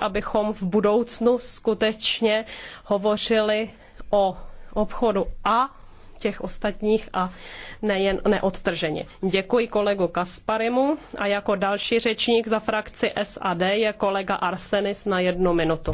abychom v budoucnu skutečně hovořili o obchodu a těch ostatních a nejen neodtrženě. Děkuji kolegu Kasparimu a jako další řečník za frakci SAD je kolega Arsenis na jednu minutu.